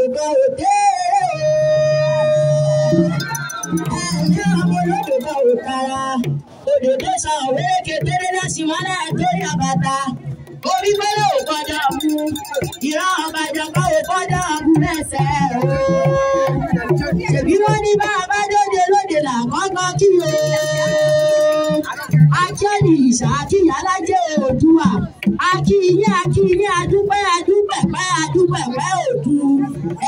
olódùbọ̀ òde ẹ̀mí ọmọ olódùbọ̀ òkara òdòdó sọ òwe kékeré láti mọ́lá torí àbàtà orí gbọ́dọ̀ ò kọjá mú ìran ọ̀bàjọ́ kọ́ ò kọjá mú lẹ́sẹ̀ ṣèbí wọ́n ní bá a bá dóde lóde làkọ́kọ́ kí o. akíọ́nì ìṣà kí alájẹ́ òdùwà kí yín akí yín adúpẹ́ adúpẹ̀pẹ́ adúpẹ̀pẹ́ òdu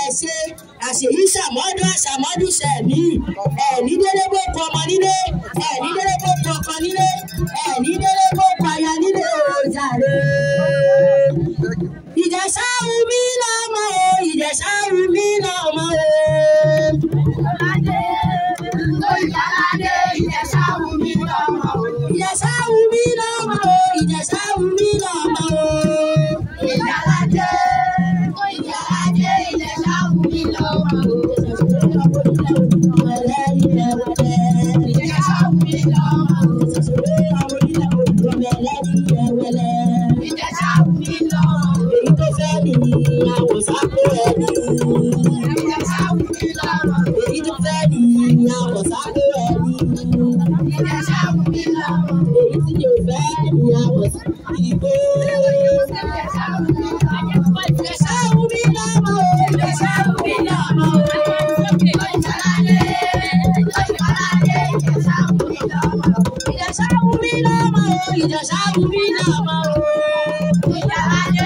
ẹ̀ṣẹ̀ àṣèyí ṣàmọ́dún àṣàmọ́dún ṣẹ̀mí ẹ̀ní délé bó kọ ọmọ nílé ẹ̀ní délé bó kọ ọkọ nílé ẹ̀ní délé bó kọ aya nílé òjàre. Ìjẹ̀ṣà wù mí lọ́mọ o Ìjẹ̀ṣà wù mí lọ́mọ. sẹ́ni àwòsá kó ẹni. èyí tó fẹ́ ni àwòsá kó ẹni. èyí tí yóò fẹ́ ni àwòsá ìgbó. Sáwù mi lọ́mọ o, sáwù mi lọ́mọ o, ọ̀yọ̀ládé, ọ̀yọ̀ládé, ìjẹ̀sáwù mi lọ́mọ o, ìjẹ̀sáwù mi lọ́mọ o, ìjẹ̀sáwù mi lọ́mọ o, ìjẹ̀ládé.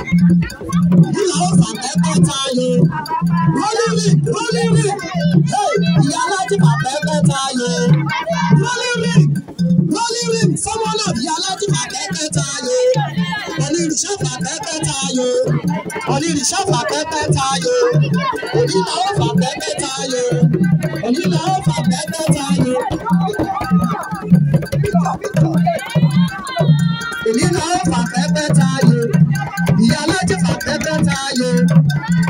This house and every time you rolling it, rolling it. Hey, ìyá alájí bàbá ẹgbẹ́ ta Rolling rolling it. Someone náà ìyá alájí bàbá ẹgbẹ́ ta yẹ. Onírìṣẹ́ bàbá ẹgbẹ́ ta yẹ. Onírìṣẹ́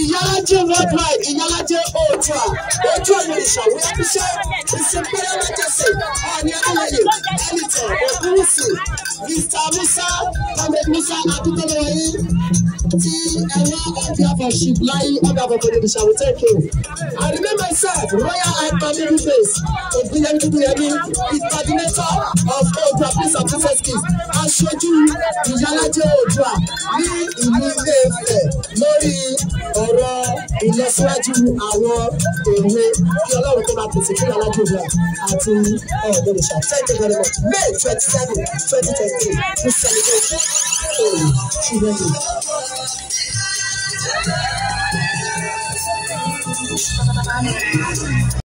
Iyalaje worldwide, Iyalaje Oòduà, Oòduà Nation, we appreciate His Imperial Majesty, Ọ̀ọ̀ni Adéyẹyè, Ẹnìtàn, Ògúnwùsì, Mr. Musa, Ahmed Musa Akíndélẹ́wọ̀nyí, ti ẹ̀rọ ọ̀bí àbọ̀ṣì láyé ọ̀bí àbọ̀bọ̀ ní Bishop we take I remember myself, royal iconic face, Ògúnyẹmí Dúdúyẹmí, the coordinator of Oòduà Prince of Princess Kids, aṣojú Iyalaje Oòduà ní ìlú Ilé-Ifẹ̀ ìlọsíwájú àwọn òwe kí ọlọ́run tó máa pèsè fún alájọba àti ọ̀dọ́ ìṣà thank you very much may twenty seven twenty twenty three we celebrate holy children day.